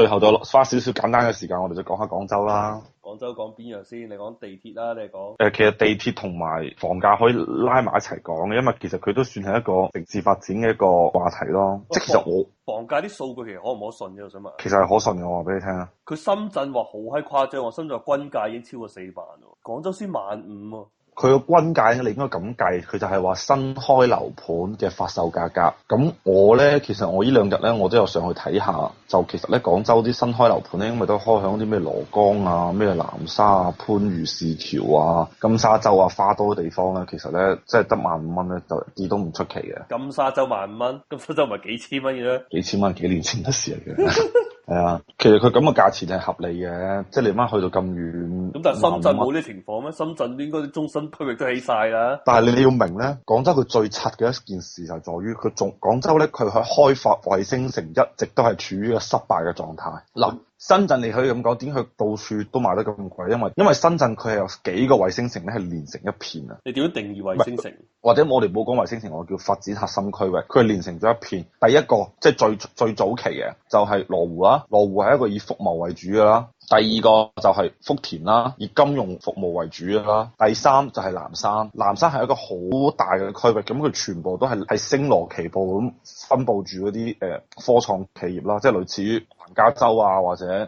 最後就花少少簡單嘅時間，我哋就講下廣州啦。廣州講邊樣先？你講地鐵啦，你講誒、呃，其實地鐵同埋房價可以拉埋一齊講嘅，因為其實佢都算係一個城市發展嘅一個話題咯。即係房其實我房價啲數據其實可唔可信嘅、啊？我想問。其實係可信嘅，我話俾你聽。佢深圳話好閪誇張，我深圳均價已經超過四萬咯，廣州先萬五啊。佢個均價你應該咁計，佢就係話新開樓盤嘅發售價格。咁我呢，其實我呢兩日呢，我都有上去睇下。就其實呢，廣州啲新開樓盤呢，因為都開響啲咩蘿崗啊、咩南沙啊、番禺市橋啊、金沙洲啊、花都嘅地方呢，其實呢，即係得萬五蚊呢，就啲都唔出奇嘅。金沙洲萬五蚊，金沙洲咪幾千蚊嘅？幾千蚊幾年前嘅事嘅、啊。 係啊，其實佢咁嘅價錢係合理嘅，即係你媽去到咁遠，咁但係深圳冇呢啲情況咩？深圳應該中心區域都起晒啦。但係你要明咧，廣州佢最柒嘅一件事就係在於佢仲廣州咧，佢喺開發衛星城一直都係處於一個失敗嘅狀態。嗱、嗯。深圳你可以咁講，點佢到處都賣得咁貴？因為因為深圳佢係有幾個衛星城咧，係連成一片啊。你點樣定義衛星城？或者我哋冇講衛星城，我叫發展核心區域。佢係連成咗一片。第一個即係最最早期嘅，就係羅湖啦。羅湖係一個以服務為主㗎啦。第二個就係福田啦，以金融服務為主嘅啦。第三就係南山，南山係一個好大嘅區域，咁佢全部都係係星羅棋布咁分布住嗰啲誒科創企業啦，即係類似於萬家洲啊或者誒。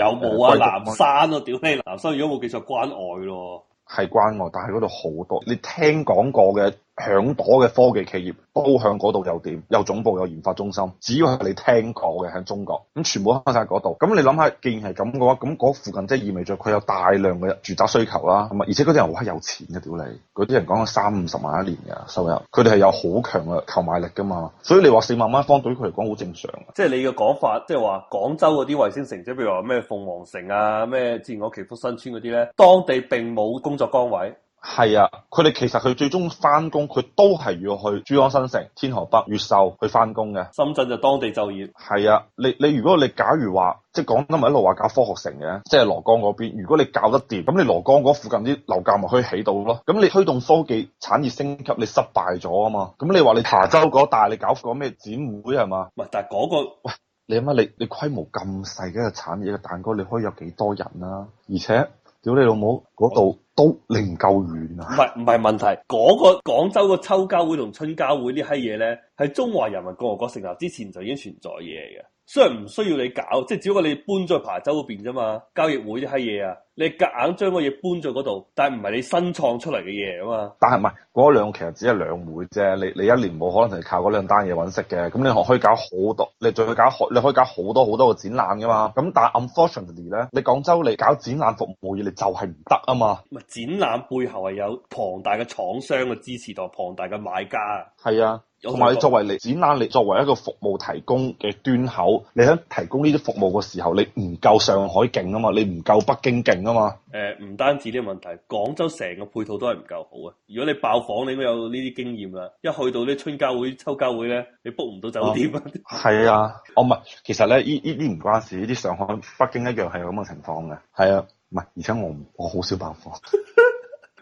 有冇啊枯南山啊屌，咩南山？如果冇，叫做關外咯。係關外，但係嗰度好多你聽講過嘅。響嗰嘅科技企業都響嗰度，又點又總部有研發中心，只要係你聽過嘅喺中國，咁全部開晒嗰度。咁你諗下，既然係咁嘅話，咁嗰附近即係意味著佢有大量嘅住宅需求啦。咁啊，而且嗰啲人好有錢嘅，屌你，嗰啲人講咗三五十萬一年嘅收入，佢哋係有好強嘅購買力噶嘛。所以你話四萬蚊方對佢嚟講好正常。即係你嘅講法，即係話廣州嗰啲衛星城，即係譬如話咩鳳凰城啊、咩自天河祈福新村嗰啲咧，當地並冇工作崗位。係啊，佢哋其實佢最終翻工，佢都係要去珠江新城、天河北、越秀去翻工嘅。深圳就當地就業。係啊，你你如果你假如話，即係講得咪一路話搞科學城嘅，即係蘿崗嗰邊。如果你搞得掂，咁你蘿崗嗰附近啲樓價咪可以起到咯。咁你推動科技產業升級，你失敗咗啊嘛。咁你話你琶洲嗰帶你搞個咩展會係嘛？唔但係嗰、嗰個喂，你諗下你你規模咁細嘅一個產業嘅蛋糕，你可以有幾多人啊？而且。屌你老母，嗰度都唔夠遠啊！唔係唔係問題，嗰個廣州嘅秋交會同春交會呢啲嘢咧，喺中華人民共和國國成立之前就已經存在嘢嚟嘅。雖然唔需要你搞，即係只不過你搬咗去琶洲嗰邊啫嘛，交易會啲閪嘢啊，你夾硬將嗰嘢搬咗嗰度，但係唔係你新創出嚟嘅嘢啊嘛。但係唔係嗰兩，其實只係兩會啫。你你一年冇可能係靠嗰兩單嘢揾食嘅。咁你可可以搞好多，你仲要搞可你可以搞好多好多嘅展覽噶嘛。咁但係 unfortunately 咧，你廣州你搞展覽服務嘢，你就係唔得啊嘛。咪展覽背後係有龐大嘅廠商嘅支持同龐大嘅買家係啊。同埋你作為你展覽，你作為一個服務提供嘅端口，你喺提供呢啲服務嘅時候，你唔夠上海勁啊嘛，你唔夠北京勁啊嘛。誒、呃，唔單止呢個問題，廣州成個配套都係唔夠好啊！如果你爆房，你應該有呢啲經驗啦。一去到啲春交會、秋交會咧，你 book 唔到酒店，嗯。 啊？係啊，哦唔係，其實咧，呢依啲唔關事，呢啲上海、北京一樣係咁嘅情況嘅。係啊，唔係，而且我我好少爆房。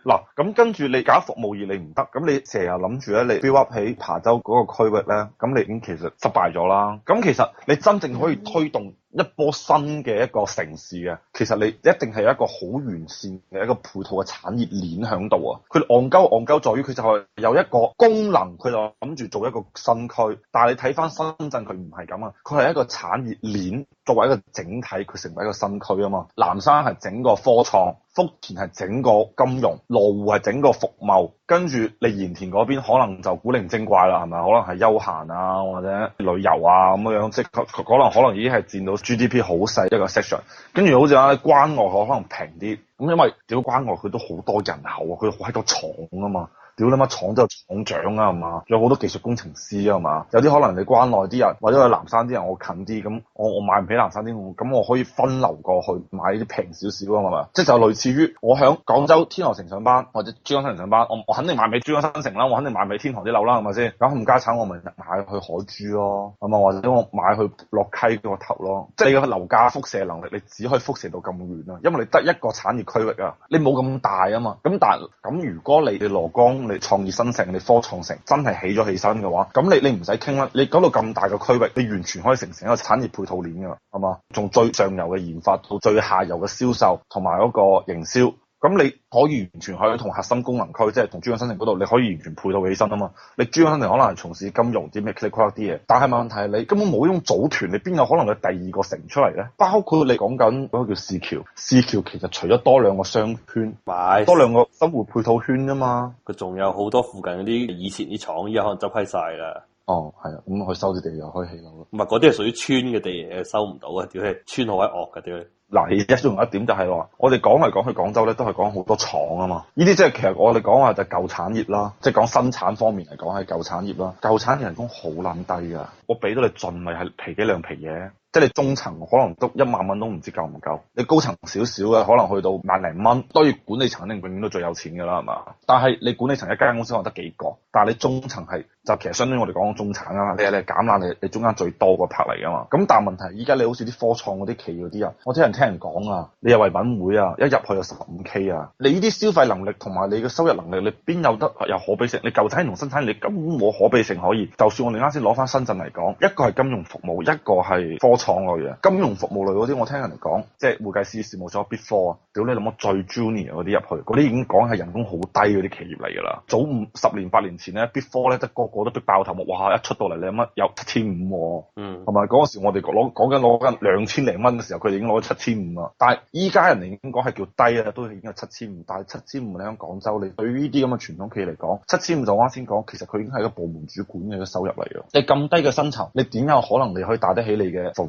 嗱，咁跟住你搞服務業你唔得，咁你成日諗住你 build up 喺琶洲嗰個區域呢，咁你已經其實失敗咗啦。咁其實你真正可以推動，一波新嘅一個城市嘅，其實你一定係有一個好完善嘅一個配套嘅產業鏈喺度啊！佢戇鳩戇鳩在於佢就係有一個功能，佢就諗住做一個新區。但係你睇翻深圳，佢唔係咁啊！佢係一個產業鏈作為一個整體，佢成為一個新區啊嘛。南山係整個科創，福田係整個金融，羅湖係整個服務。跟住，你鹽田嗰邊可能就古靈精怪啦，係咪？可能係休閒啊，或者旅遊啊咁嘅樣，即係可能可能已經係佔到 GDP 好細一個 section。跟住好似喺咧，關外可能平啲，咁因為主要關外佢都好多人口，啊，佢喺個廠啊嘛。小㗎嘛，廠都有廠長啊，係嘛？有好多技術工程師啊，係嘛？有啲可能你關內啲人，或者係南山啲人，我近啲，咁我我買唔起南山啲，咁我可以分流過去買啲平少少啊，係咪？即係就類似於我喺廣州天河城上班，或者珠江新城上班，我我肯定買唔起珠江新城啦，我肯定買唔起天河啲樓啦，係咪先？咁唔加產，我咪買去海珠咯，係咪？或者我買去洛溪個頭咯，即係你個樓價輻射能力，你只可以輻射到咁遠啊，因為你得一個產業區域啊，你冇咁大啊嘛。咁但咁如果你你羅江，你創業新城，你科創城真係起咗起身嘅話，咁你你唔使傾啦，你搞到咁大嘅區域，你完全可以形成，成一個產業配套鏈噶啦，係嘛？從最上游嘅研發到最下游嘅銷售同埋嗰個營銷。咁你可以完全可以同核心功能區，即係同珠江新城嗰度，你可以完全配套起身啊嘛。你珠江新城可能係從事金融啲咩 click 啲嘢，但係問題係你，你根本冇用組團，你邊有可能有第二個城出嚟咧？包括你講緊嗰個叫市橋，市橋其實除咗多兩個商圈，係多兩個生活配套圈啊嘛。佢仲有好多附近嗰啲以前啲廠，而家可能執批晒啦。哦，係啊，咁可以收啲地又可以起樓咯。唔係嗰啲係屬於村嘅地，收唔到嘅，屌係，村好鬼惡嘅屌係。嗱，一種一點就係話，我哋講嚟講去廣州咧，都係講好多廠啊嘛。呢啲即係其實我哋講話就是舊產業啦，即係講生產方面嚟講係舊產業啦。舊產業人工好撚低㗎，我俾到你盡咪係皮幾兩皮嘢。即係你中層可能都一萬蚊都唔知夠唔夠，你高層少少嘅可能去到萬零蚊，當然管理層肯定永遠都最有錢嘅啦，係嘛？但係你管理層一間公司可能得幾個，但係你中層係就其實相當於我哋講中產啊嘛，你係你係減啦，你你中間最多個 part 嚟啊嘛，咁但係問題依家你好似啲科創嗰啲企嗰啲啊，我聽人聽人講啊，你有唯品會啊，一入去有十五 K 啊，你呢啲消費能力同埋你嘅收入能力，你邊有得有可比性？你舊產同生產，你根本冇可比性可以。就算我哋啱先攞翻深圳嚟講，一個係金融服務，一個係科。廠類嘅金融服務類嗰啲，我聽人哋講，即係會計師事務所 before 屌你諗乜最 junior 嗰啲入去，嗰啲已經講係人工好低嗰啲企業嚟㗎啦。早五十年八年前咧 before 咧，即係個,個個都逼爆頭目，哇！一出到嚟你諗乜有,、哦嗯、有,有七千五，嗯，同埋嗰陣時我哋攞講緊攞緊兩千零蚊嘅時候，佢已經攞咗七千五啦。但係依家人哋已經講係叫低啦，都已經係七千五。但係七千五你喺廣州，你對呢啲咁嘅傳統企業嚟講，七千五就啱先講，其實佢已經係一個部門主管嘅一個收入嚟㗎。你咁低嘅薪酬，你點有可能你可以帶得起你嘅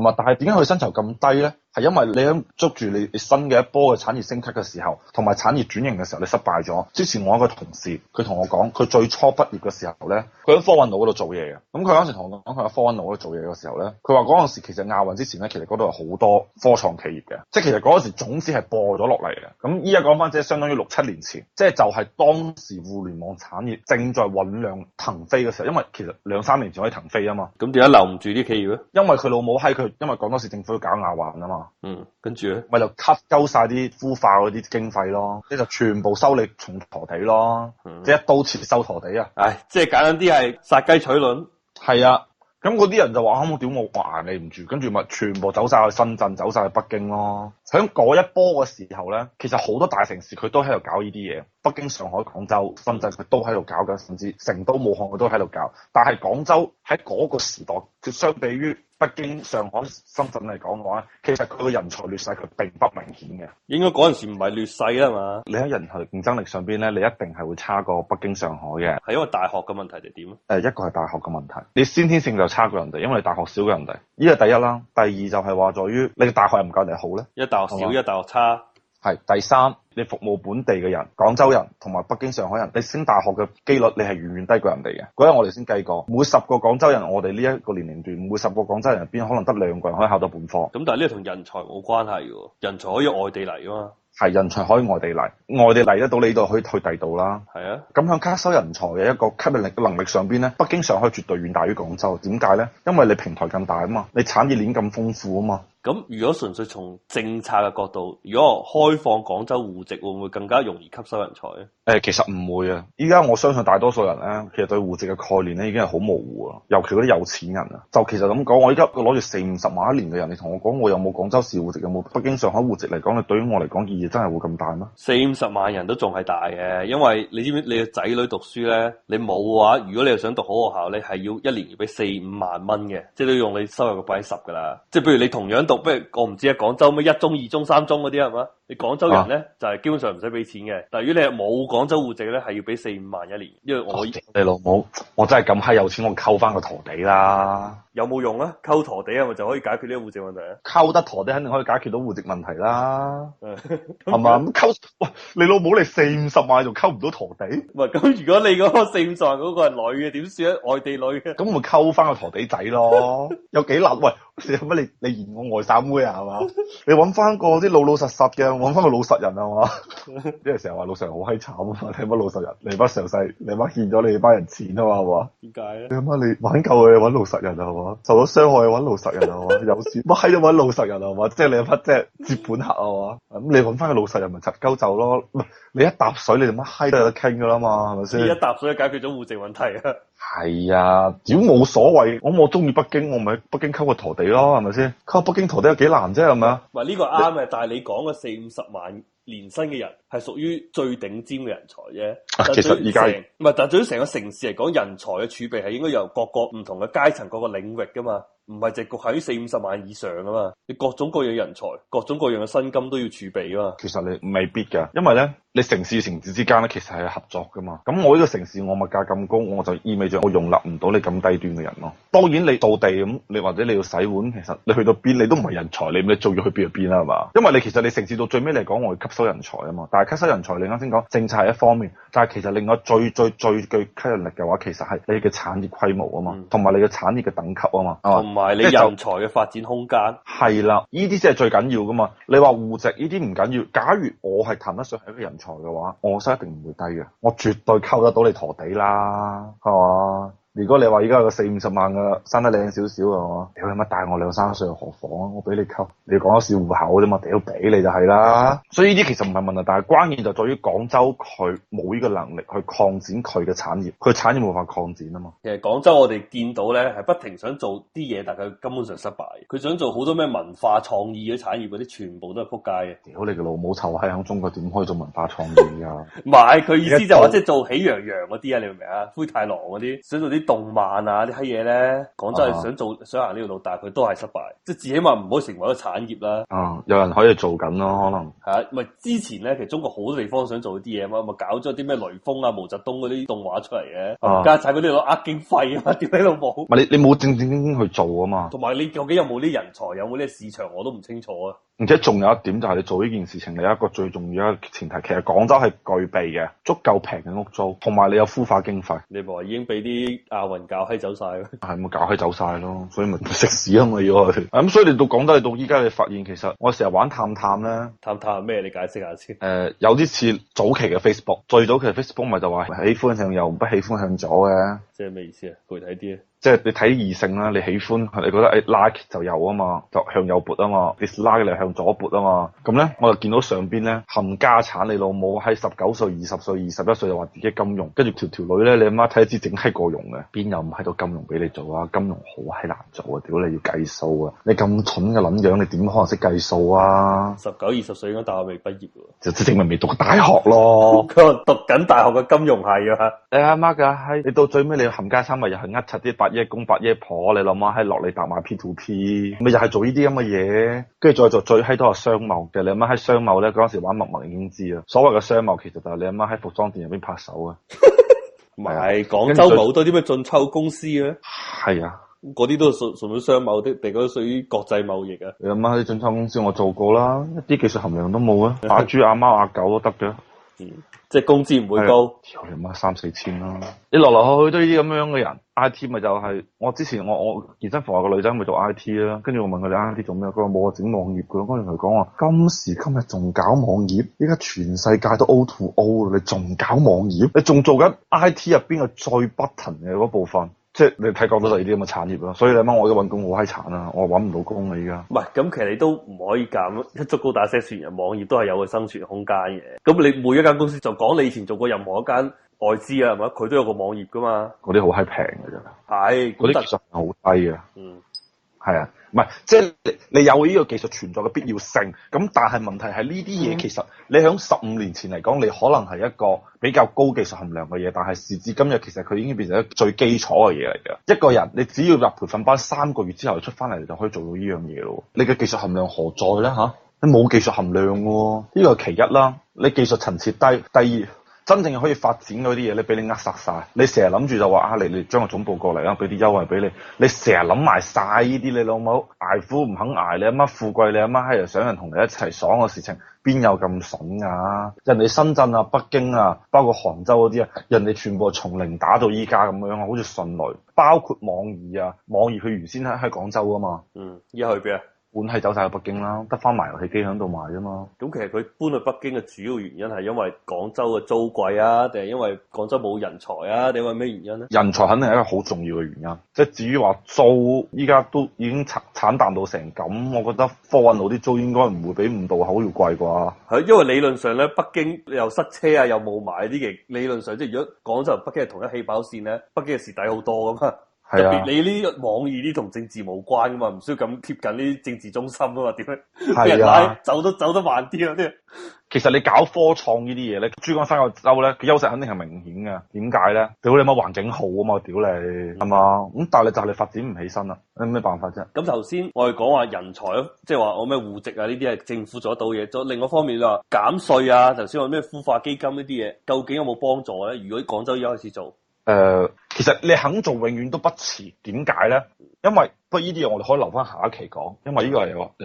嘛，但係點解佢薪酬咁低咧？係因為你喺捉住你新嘅一波嘅產業升級嘅時候，同埋產業轉型嘅時候，你失敗咗。之前我一個同事，佢同我講，佢最初畢業嘅時候咧，佢喺科韻路嗰度做嘢嘅。咁佢嗰時同我講，佢喺科韻路嗰度做嘢嘅時候咧，佢話嗰陣時其實亞運之前咧，其實嗰度有好多科創企業嘅，即係其實嗰陣時總之係播咗落嚟嘅。咁依家講翻即係相當於六七年前，即係就係、是、當時互聯網產業正在醞釀騰飛嘅時候，因為其實兩三年前可以騰飛啊嘛。咁點解留唔住啲企業咧？因為佢老母閪佢。因為廣州市政府要搞亞運啊嘛，嗯，跟住咪就 cut 鳩曬啲孵化嗰啲經費咯，即就全部收你重陀地咯，即係、嗯、一刀切收陀地啊！唉、哎，即係簡單啲係殺雞取卵，係啊！咁嗰啲人就話：我點我捱你唔住，跟住咪全部走晒去深圳，走晒去北京咯。喺嗰一波嘅時候咧，其實好多大城市佢都喺度搞呢啲嘢，北京、上海、廣州、深圳佢都喺度搞啦，甚至成都、武漢佢都喺度搞。但係廣州喺嗰個時代，佢相比於……北京、上海、深圳嚟講嘅話，其實佢個人才劣勢佢並不明顯嘅。應該嗰陣時唔係劣勢啊嘛。你喺人才競爭力上邊咧，你一定係會差過北京、上海嘅。係因為大學嘅問題定點咧？誒，一個係大學嘅問題，你先天性就差過人哋，因為你大學少過人哋。呢個第一啦。第二就係話在於你嘅大學又唔夠人哋好咧。一大學少，吧一大學差。係第三。你服務本地嘅人，廣州人同埋北京、上海人，你升大學嘅機率你係遠遠低過人哋嘅。嗰日我哋先計過，每十個廣州人，我哋呢一個年齡段，每十個廣州人入邊可能得兩個人可以考到本科。咁但係呢個同人才冇關係嘅喎，人才可以外地嚟噶嘛？係，人才可以外地嚟，外地嚟得到你度可以去第度啦。係啊，咁向吸收人才嘅一個吸引力嘅能力上邊呢，北京、上海絕對遠大於廣州。點解呢？因為你平台咁大啊嘛，你產業鏈咁豐富啊嘛。咁如果純粹從政策嘅角度，如果開放廣州戶籍，會唔會更加容易吸收人才咧？誒，其實唔會啊！而家我相信大多數人咧，其實對戶籍嘅概念咧已經係好模糊啊。尤其嗰啲有錢人啊，就其實咁講，我而家攞住四五十萬一年嘅人，你同我講，我有冇廣州市戶籍，有冇北京、上海戶籍嚟講，你對於我嚟講意義真係會咁大嗎？四五十萬人都仲係大嘅，因為你知唔知你仔女讀書咧？你冇嘅話，如果你又想讀好學校，你係要一年要俾四五萬蚊嘅，即係都要用你收入嘅百分之十㗎啦。即係譬如你同樣讀，不如我唔知啊，廣州咩一中、二中、三中嗰啲係嘛？你廣州人咧、啊、就係基本上唔使俾錢嘅，但係如果你係冇廣州戶籍咧，係要俾四五萬一年。因為我你老母，我真係咁閪有錢，我溝翻個陀地啦。有冇用啊？溝陀地係咪就可以解決呢個戶籍問題啊？溝得陀地肯定可以解決到戶籍問題啦。係嘛？ 咁溝喂，你老母你四五十萬仲溝唔到陀地？喂，咁，如果你嗰個四五十萬嗰個係女嘅，點算啊？外地女嘅，咁咪溝翻個陀地仔咯？ 有幾難喂？有乜你你嫌我外省妹啊？係嘛？你揾翻個啲老老實實嘅，揾翻個老實人係嘛？因為成日話老實人好閪慘啊嘛！你乜老實人？你班上世？你班欠咗你班人錢啊嘛？係嘛？點解咧？你阿媽你挽救佢揾老實人係嘛？受咗傷害揾老實人係嘛？ 有事咪喺度揾老實人係嘛？即係你阿媽即係接盤客係嘛？咁 你揾翻個老實人咪插鳩走咯？唔係你一揼水你就乜閪都有得傾㗎啦嘛？係咪先？你一揼水解決咗戶籍問題啊！ 係啊，屌冇所謂。我我中意北京，我咪喺北京溝個陀地咯，係咪先？溝北京陀地有幾難啫，係咪啊？唔呢個啱嘅，你但係你講嘅四五十萬年薪嘅人，係屬於最頂尖嘅人才啫，啊。其實而家唔係，但係對於成個城市嚟講，人才嘅儲備係應該由各個唔同嘅階層各個領域噶嘛，唔係就局限喺四五十萬以上啊嘛。你各種各樣人才，各種各樣嘅薪金都要儲備噶嘛。其實你未必噶，因為咧。你城市與城市之間咧，其實係合作噶嘛。咁我呢個城市，我物價咁高，我就意味著我容納唔到你咁低端嘅人咯。當然你到地咁，你或者你要洗碗，其實你去到邊，你都唔係人才，你咩做咗去邊啦，係嘛。因為你其實你城市到最尾嚟講，我要吸收人才啊嘛。但係吸收人才，你啱先講政策係一方面，但係其實另外最最最，最具吸引力嘅話，其實係你嘅產業規模啊嘛，同埋、嗯、你嘅產業嘅等級啊嘛，同埋你人才嘅發展空間係啦，呢啲先係最緊要噶嘛。你話戶籍呢啲唔緊要。假如我係談得上係一個人。財嘅話，我收一定唔會低嘅，我絕對溝得到你陀地啦，係嘛？如果你話而家有個四五十萬嘅生得靚少少係嘛？屌你乜大我兩三歲又何妨啊？我俾你溝，你講少戶口啫嘛？屌俾你就係啦。所以呢啲其實唔係問題，但係關鍵就在於廣州佢冇呢個能力去擴展佢嘅產業，佢產業冇法擴展啊嘛。其實廣州我哋見到咧係不停想做啲嘢，但係佢根本上失敗。佢想做好多咩文化創意嘅產業嗰啲，全部都係撲街嘅。屌你個老母臭閪，響中國點可以做文化創意啊？唔係佢意思就話即係做喜羊羊嗰啲啊？你明唔明啊？灰太狼嗰啲想做啲。動漫啊啲黑嘢咧，廣州係想做、啊、想行呢條路，但係佢都係失敗，即係至少唔好成為一個產業啦。啊，有人可以做緊咯，可能係啊，唔係之前咧，其實中國好多地方都想做啲嘢啊，咪搞咗啲咩雷鋒啊、毛澤東嗰啲動畫出嚟嘅，啊、加晒嗰啲攞呃經費嘛都啊，點喺度搏好？係你你冇正正經經去做啊嘛，同埋你究竟有冇啲人才，有冇啲市場，我都唔清楚啊。而且仲有一點就係、是、你做呢件事情，你有一個最重要嘅前提，其實廣州係具備嘅足夠平嘅屋租，同埋你有孵化經費。你唔係已經俾啲亞運搞起走晒咯？係咪搞起走晒咯？所以咪食屎啊！我要去。咁 所以你到廣州，到依家你發現，其實我成日玩探探咧。探探係咩？你解釋下先。誒、呃，有啲似早期嘅 Facebook。最早期嘅 Facebook 咪就話喜歡向右，不喜歡向左嘅。即係咩意思啊？具體啲啊？即係你睇異性啦，你喜歡你覺得誒 like 就有啊嘛，就向右撥啊嘛，dislike 你向左撥啊嘛。咁咧我就見到上邊咧冚家產，你老母喺十九歲、二十歲、二十一歲就話自己金融，跟住條條女咧，你阿媽睇一知整閪過容嘅，邊有唔喺度金融俾你做啊？金融好閪難做啊！屌你要計數啊！你咁蠢嘅撚樣，你點可能識計數啊？十九二十歲嗰陣大學未畢業喎，就證明未讀大學咯。佢話讀緊大學嘅金融係啊！你阿媽噶閪，你到最尾你冚家產咪又係呃柒啲爺公八爺婆，你諗下喺落嚟搭買 P two P，咪又係做呢啲咁嘅嘢，跟住再做最閪多係商貿嘅。你阿媽喺商貿咧，嗰陣時玩陌陌已經知啦。所謂嘅商貿其實就係你阿媽喺服裝店入邊拍手 啊，唔係廣州冇多啲咩進出口公司嘅，係啊，嗰啲都屬屬於商貿啲，定嗰啲屬於國際貿易啊。你阿媽喺進出口公司我做過啦，一啲技術含量都冇啊，阿豬阿貓阿,阿,阿狗都得嘅。即係工資唔會高，屌你媽三四千啦！你來來去去都呢啲咁樣嘅人，I T 咪就係、是、我之前我我健身房個女仔咪做 I T 啦、啊，跟住我問佢哋 I T 做咩，佢話冇啊整網頁嘅，跟住同佢講話今時今日仲搞網頁，依家全世界都 O to O 啦，你仲搞網頁？你仲做緊 I T 入邊嘅最 button 嘅嗰部分？即係你睇過到十二啲咁嘅產業咯，所以你阿媽我而家揾工好閪慘啊，我揾唔到工啊而家。唔係，咁其實你都唔可以咁一竹篙打一船人，網頁都係有個生存空間嘅。咁你每一間公司就講你以前做過任何一間外資啊，係咪？佢都有個網頁㗎嘛。嗰啲好閪平㗎真係。嗰啲質素好低啊。嗯係啊，唔係即係你有呢個技術存在嘅必要性，咁但係問題係呢啲嘢其實你響十五年前嚟講，你可能係一個比較高技術含量嘅嘢，但係時至今日，其實佢已經變成一個最基礎嘅嘢嚟啦。一個人你只要入培訓班三個月之後出翻嚟，你就可以做到呢樣嘢咯。你嘅技術含量何在咧？吓、啊，你冇技術含量、啊，呢個係其一啦。你技術層次低，第二。真正可以發展嗰啲嘢，你俾你扼殺晒。你成日諗住就話啊，你你將個總部過嚟啊，俾啲優惠俾你，你成日諗埋晒呢啲，你老母捱苦唔肯捱你，你阿媽富貴你，你阿媽閪又想人同你一齊爽嘅事情，邊有咁筍啊？人哋深圳啊、北京啊，包括杭州嗰啲啊，人哋全部從零打到依家咁樣啊，好似迅雷，包括網易啊，網易佢原先喺喺廣州啊嘛，嗯，依家去邊啊？本係走晒去北京啦，得翻埋遊戲機喺度賣啫嘛。咁其實佢搬去北京嘅主要原因係因為廣州嘅租貴啊，定係因為廣州冇人才啊，定係咩原因咧？人才肯定係一個好重要嘅原因。即係至於話租，依家都已經慘淡到成咁，我覺得科韻路啲租應該唔會比五道口要貴啩。係因為理論上咧，北京又塞車啊，又霧霾啲嘢。理論上，即係如果廣州同北京係同一起跑線咧，啊，北京係蝕底好多噶嘛。特、啊、你呢啲網易啲同政治無關噶嘛，唔需要咁貼近呢啲政治中心噶嘛，點咧？係啊，走 都走得慢啲啊啲。 其實你搞科創呢啲嘢咧，珠江三角洲咧，佢優勢肯定係明顯噶。點解咧？屌你乜環境好啊嘛，屌、嗯、你係嘛？咁但係就係你發展唔起身啦。有咩辦法啫？咁頭先我哋講話人才，即係話我咩戶籍啊呢啲係政府做得到嘢。就另外一方面啦，減稅啊，頭先話咩孵化基金呢啲嘢，究竟有冇幫助咧？如果喺廣州而家開始做，誒、呃。其實你肯做永遠都不遲，點解咧？因為不過呢啲嘢我哋可以留翻下，下一期講，因為呢個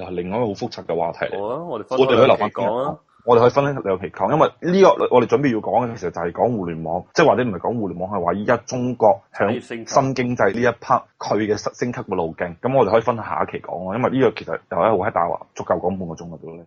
係另外一個好複雜嘅話題，哦、我哋可以留翻期講啊，講，講我哋可以分兩期講，講，因為呢個我哋準備要講嘅其實就係講互聯網，即係話你唔係講互聯網，係話而家中國響新經濟呢一 part 佢嘅升級嘅路徑。咁我哋可以分下一期講，因為呢個其實又係喺大話足夠講半個鐘噶